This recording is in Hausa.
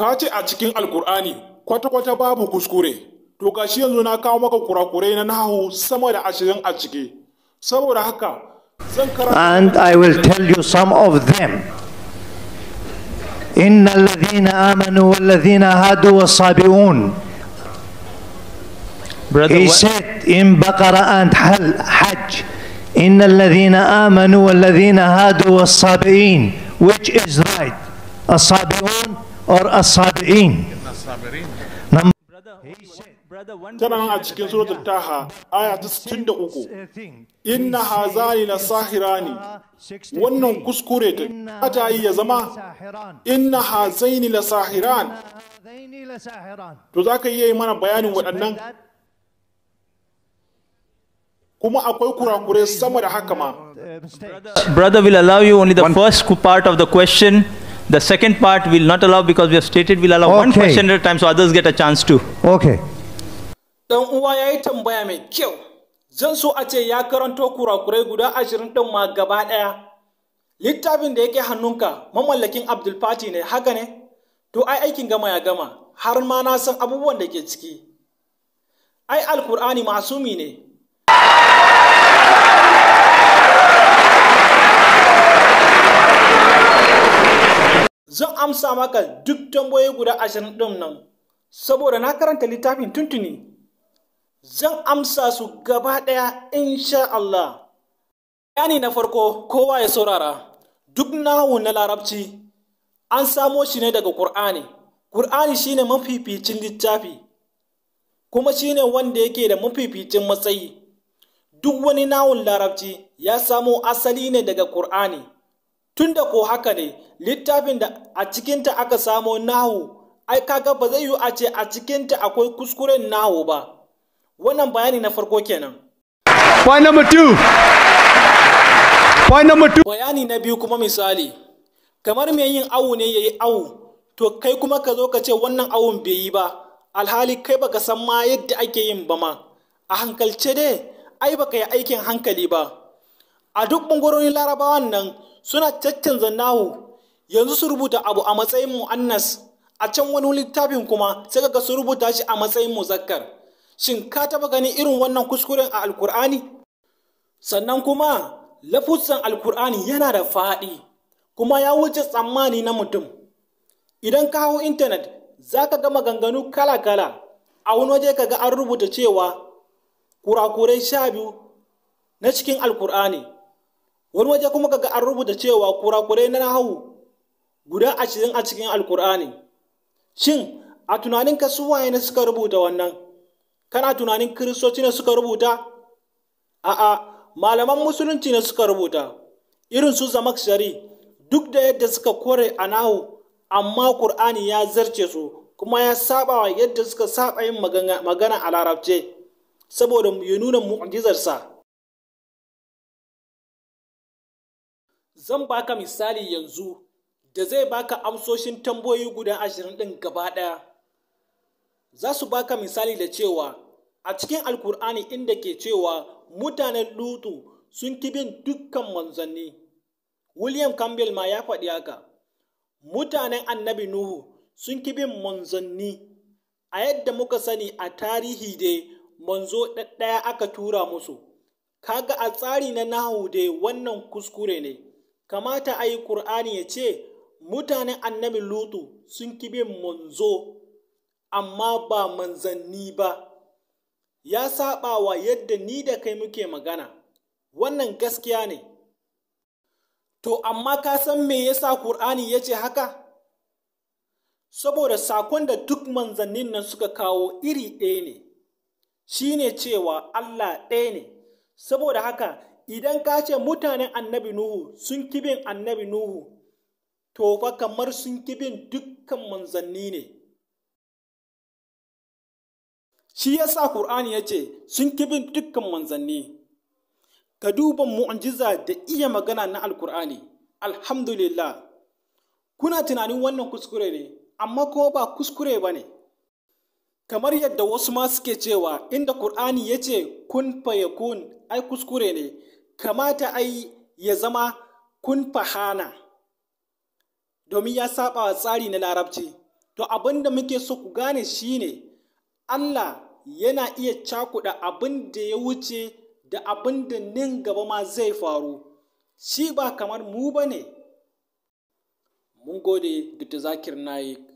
a cikin alkur'ani kwata-kwata babu kuskure to gashi yanzu na kawo maka kurakurai na nahu sama da ashirin a saboda haka zan and i will tell you some of them إن الذين آمنوا والذين هادوا والصابئون Brother, He said in Baqarah and Hajj إن الذين آمنوا والذين هادوا والصابئين which is right الصابئون or as-sabi'in. tana a cikin suratul taha aya ta 63 inna hazani la sahirani wannan kuskure ta ta yi ya zama inna hazaini la sahiran to zaka yi mana bayanin waɗannan kuma akwai kurakurai sama da haka ma brother will allow you only the One. first part of the question The second part will not allow because we have stated we'll allow okay. one question at a time so others get a chance too. Okay. Dan uwa ya yi tambaya mai kyau. Zan so a ce ya karanto kurakurai guda ashirin din ma gaba ɗaya. Littafin da yake hannunka mamallakin Abdul Fati ne haka ne? To ai aikin gama ya gama har ma na san abubuwan da ke ciki. Ai Alkur'ani masumi ne amsa maka duk tambayoyi guda ashirin ɗin nan saboda na karanta littafin tuntuni zan amsa su gaba ɗaya insha Allah. Yani na farko kowa ya saurara duk nahu na larabci an samo shi ne daga Kur'ani Ƙur'ani ne mafificin littafi kuma shi ne wanda yake da mafificin matsayi duk wani nawun larabci ya samo asali ne daga Kur'ani. tun da ko haka ne littafin da a cikinta aka samo nahu ai kaga ba zai yi a ce a cikinta akwai kuskuren nahu ba wannan bayani na farko kenan bayani na biyu kuma misali kamar mai yin awu ne ya yi awu to kai kuma ka zo ka ce wannan awun bai yi ba alhali kai baka san ma yadda ake yin ba ma a hankalce dai ai baka yi aikin hankali ba a duk ɓangarorin larabawan nan suna caccanza nahu yanzu su rubuta abu a matsayin mu'annas a can wani littafin kuma sai kaga su rubuta shi a matsayin muzakkar shin ka taba ganin irin wannan kuskuren a alkur'ani sannan kuma lafuzan alkur'ani yana da faɗi kuma ya wuce tsammani na mutum idan ka hau intanet za ka ga maganganu kala-kala a wani waje ka ga an rubuta cewa kurakurai sha biyu na cikin alkur'ani wani waje kuma kaga an rubuta cewa kurakurai na nahawu guda ashirin a cikin alkur'ani shin a tunanin ka su waye ne suka rubuta wannan kana tunanin kiristoci ne suka rubuta a'a malaman musulunci na suka rubuta irin su zamak shari duk da yadda suka kore a nahu amma ƙur'ani ya zarce su kuma ya saba wa yadda suka saba yin magana a larabce saboda ya nuna mu'jizarsa zan baka misali yanzu da zai baka amsoshin tambayoyi guda ashirin ɗin gaba ɗaya za su baka misali da cewa a cikin alkur'ani inda ke cewa mutanen lutu sun ki bin dukkan manzanni william campbell ma ya faɗi haka mutanen annabi nuhu sun ki bin manzanni a yadda muka sani a tarihi dai manzo ɗaya aka tura musu kaga a tsari na nahu dai wannan kuskure ne kamata a yi ƙur'ani ya ce mutanen annabi lutu sun ki bin manzo amma ba manzanni ba ya saba wa yadda ni da kai muke magana wannan gaskiya ne to amma ka san me yasa ƙur'ani ya ce haka saboda sakon da duk manzannin nan suka kawo iri ɗaya ne shine cewa Allah ɗaya ne saboda haka idan ka ce mutanen annabi Nuhu sun kibin annabi Nuhu, to fa kamar sun kibin dukkan manzanni ne. Shi ya sa Kur'ani ya ce sun kibin dukkan manzanni. Ka duba mu'ujiza da iya magana na alkur'ani alhamdulillah. Kuna tunanin wannan kuskure ne, amma ko ba kuskure ba ne. Kamar yadda wasu ma suke cewa inda Kur'ani ya ce kun faye kun ai kuskure ne, kamata ai ya zama kun fahana domin ya saba wa tsari na larabci to abin da muke so ku gane shine Allah yana iya cakuɗa abin da ya wuce da abin da nin gaba ma zai faru shi ba kamar mu ba ne mun gode da da zakir yi.